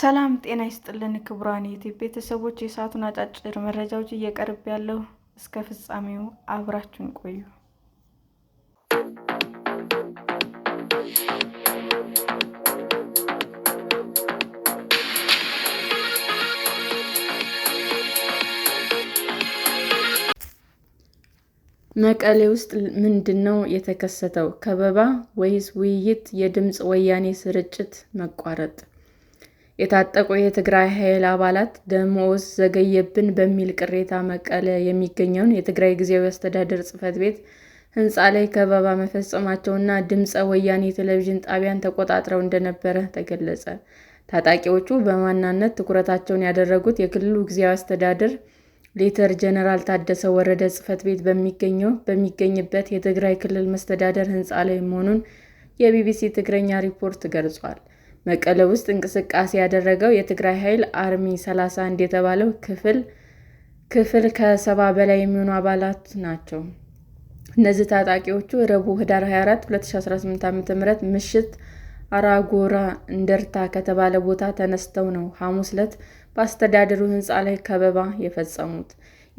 ሰላም ጤና ይስጥልን ክቡራን ዩቲዩብ ቤተሰቦች፣ የሰዓቱን አጫጭር መረጃዎች እየቀርብ ያለው እስከ ፍጻሜው አብራችሁን ቆዩ። መቀሌ ውስጥ ምንድን ነው የተከሰተው? ከበባ ወይስ ውይይት? የድምፅ ወያኔ ስርጭት መቋረጥ የታጠቁ የትግራይ ኃይል አባላት ደመወዝ ዘገየብን በሚል ቅሬታ መቀለ የሚገኘውን የትግራይ ጊዜያዊ አስተዳደር ጽሕፈት ቤት ህንፃ ላይ ከበባ መፈጸማቸውና ድምፀ ወያኔ ቴሌቪዥን ጣቢያን ተቆጣጥረው እንደነበረ ተገለጸ። ታጣቂዎቹ በዋናነት ትኩረታቸውን ያደረጉት የክልሉ ጊዜያዊ አስተዳደር ሌተር ጄኔራል ታደሰ ወረደ ጽሕፈት ቤት በሚገኘው በሚገኝበት የትግራይ ክልል መስተዳደር ህንፃ ላይ መሆኑን የቢቢሲ ትግረኛ ሪፖርት ገልጿል። መቀለ ውስጥ እንቅስቃሴ ያደረገው የትግራይ ኃይል አርሚ 31 የተባለው ክፍል ከሰባ በላይ የሚሆኑ አባላት ናቸው። እነዚህ ታጣቂዎቹ ረቡዕ ህዳር 24 2018 ዓ.ም ምሽት አራጎራ እንደርታ ከተባለ ቦታ ተነስተው ነው ሐሙስ ዕለት በአስተዳደሩ ሕንፃ ላይ ከበባ የፈጸሙት።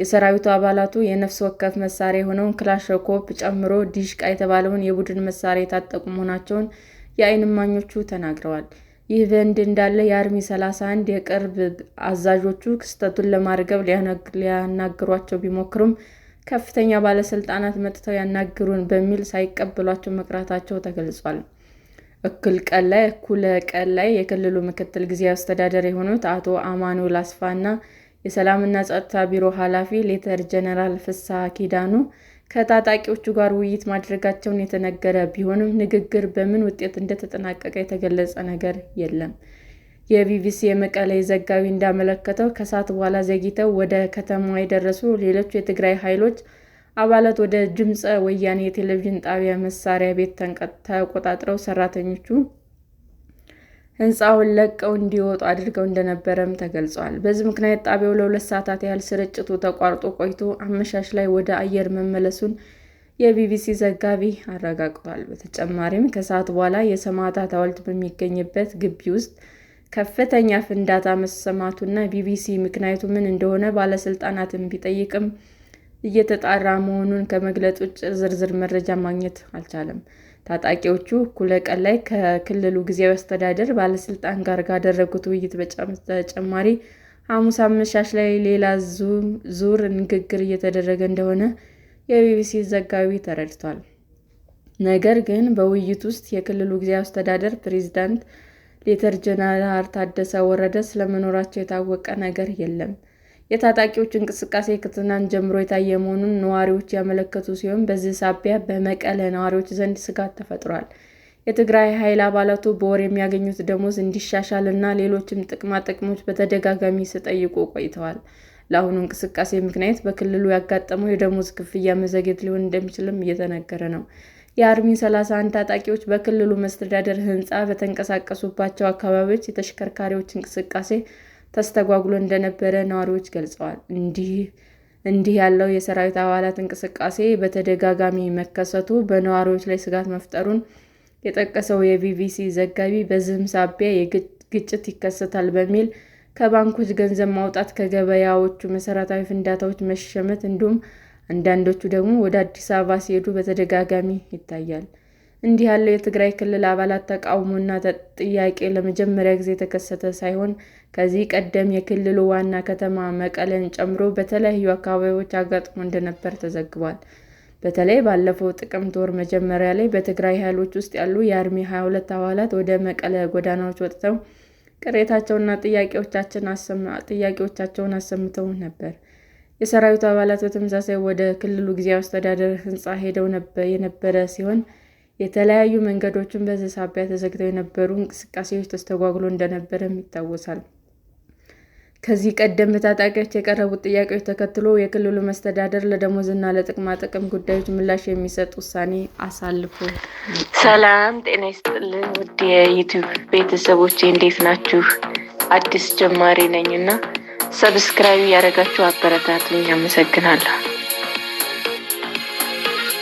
የሰራዊቱ አባላቱ የነፍስ ወከፍ መሳሪያ የሆነውን ክላሽንኮቭ ጨምሮ ዲሽቃ የተባለውን የቡድን መሳሪያ የታጠቁ መሆናቸውን የዓይን እማኞቹ ተናግረዋል። ይህ በእንዲህ እንዳለ የአርሚ 31 የቅርብ አዛዦቹ ክስተቱን ለማርገብ ሊያናግሯቸው ቢሞክሩም ከፍተኛ ባለስልጣናት መጥተው ያናግሩን በሚል ሳይቀበሏቸው መቅረታቸው ተገልጿል። እኩለ ቀን ላይ እኩለ ቀን ላይ የክልሉ ምክትል ጊዜያዊ አስተዳደር የሆኑት አቶ አማኑኤል አስፋ እና የሰላምና ጸጥታ ቢሮ ኃላፊ ሌተር ጀነራል ፍስሐ ኪዳኑ ከታጣቂዎቹ ጋር ውይይት ማድረጋቸውን የተነገረ ቢሆንም ንግግር በምን ውጤት እንደተጠናቀቀ የተገለጸ ነገር የለም። የቢቢሲ የመቀሌ ዘጋቢ እንዳመለከተው ከሰዓት በኋላ ዘግይተው ወደ ከተማዋ የደረሱ ሌሎች የትግራይ ኃይሎች አባላት ወደ ድምፀ ወያኔ የቴሌቪዥን ጣቢያ መሳሪያ ቤት ተቆጣጥረው ሰራተኞቹ። ሕንፃውን ለቀው እንዲወጡ አድርገው እንደነበረም ተገልጿል። በዚህ ምክንያት ጣቢያው ለሁለት ሰዓታት ያህል ስርጭቱ ተቋርጦ ቆይቶ አመሻሽ ላይ ወደ አየር መመለሱን የቢቢሲ ዘጋቢ አረጋግጧል። በተጨማሪም ከሰዓት በኋላ የሰማዕታት ሐውልት በሚገኝበት ግቢ ውስጥ ከፍተኛ ፍንዳታ መሰማቱና ቢቢሲ ምክንያቱ ምን እንደሆነ ባለስልጣናትን ቢጠይቅም እየተጣራ መሆኑን ከመግለጽ ውጭ ዝርዝር መረጃ ማግኘት አልቻለም። ታጣቂዎቹ እኩለ ቀን ላይ ከክልሉ ጊዜያዊ አስተዳደር ባለስልጣን ጋር ካደረጉት ውይይት በተጨማሪ ሐሙስ አመሻሽ ላይ ሌላ ዙር ንግግር እየተደረገ እንደሆነ የቢቢሲ ዘጋቢ ተረድቷል። ነገር ግን በውይይት ውስጥ የክልሉ ጊዜያዊ አስተዳደር ፕሬዚዳንት ሌተር ጀነራል ታደሰ ወረደ ስለመኖራቸው የታወቀ ነገር የለም። የታጣቂዎች እንቅስቃሴ ከትናንት ጀምሮ የታየ መሆኑን ነዋሪዎች ያመለከቱ ሲሆን በዚህ ሳቢያ በመቀለ ነዋሪዎች ዘንድ ስጋት ተፈጥሯል። የትግራይ ኃይል አባላቱ በወር የሚያገኙት ደሞዝ እንዲሻሻል እና ሌሎችም ጥቅማ ጥቅሞች በተደጋጋሚ ሲጠይቁ ቆይተዋል። ለአሁኑ እንቅስቃሴ ምክንያት በክልሉ ያጋጠመው የደሞዝ ክፍያ መዘግየት ሊሆን እንደሚችልም እየተነገረ ነው። የአርሚ 31 ታጣቂዎች በክልሉ መስተዳደር ህንፃ በተንቀሳቀሱባቸው አካባቢዎች የተሽከርካሪዎች እንቅስቃሴ ተስተጓጉሎ እንደነበረ ነዋሪዎች ገልጸዋል። እንዲህ ያለው የሰራዊት አባላት እንቅስቃሴ በተደጋጋሚ መከሰቱ በነዋሪዎች ላይ ስጋት መፍጠሩን የጠቀሰው የቢቢሲ ዘጋቢ በዚህም ሳቢያ ግጭት ይከሰታል በሚል ከባንኮች ገንዘብ ማውጣት፣ ከገበያዎቹ መሰረታዊ ፍንዳታዎች መሸመት እንዲሁም አንዳንዶቹ ደግሞ ወደ አዲስ አበባ ሲሄዱ በተደጋጋሚ ይታያል። እንዲህ ያለው የትግራይ ክልል አባላት ተቃውሞና ጥያቄ ለመጀመሪያ ጊዜ የተከሰተ ሳይሆን ከዚህ ቀደም የክልሉ ዋና ከተማ መቀለን ጨምሮ በተለያዩ አካባቢዎች አጋጥሞ እንደነበር ተዘግቧል። በተለይ ባለፈው ጥቅምት ወር መጀመሪያ ላይ በትግራይ ኃይሎች ውስጥ ያሉ የአርሚ 22 አባላት ወደ መቀለ ጎዳናዎች ወጥተው ቅሬታቸውና ጥያቄዎቻቸውን አሰምተው ነበር። የሰራዊቱ አባላት በተመሳሳይ ወደ ክልሉ ጊዜያዊ አስተዳደር ሕንፃ ሄደው የነበረ ሲሆን የተለያዩ መንገዶችን በዚህ ሳቢያ ተዘግተው የነበሩ እንቅስቃሴዎች ተስተጓጉሎ እንደነበረም ይታወሳል። ከዚህ ቀደም በታጣቂዎች የቀረቡት ጥያቄዎች ተከትሎ የክልሉ መስተዳደር ለደሞዝና ለጥቅማ ጥቅም ጉዳዮች ምላሽ የሚሰጥ ውሳኔ አሳልፎ። ሰላም ጤና ይስጥልን ውድ የዩቱብ ቤተሰቦች እንዴት ናችሁ? አዲስ ጀማሪ ነኝ እና ሰብስክራይብ ያደረጋችሁ አበረታቱኝ። አመሰግናለሁ።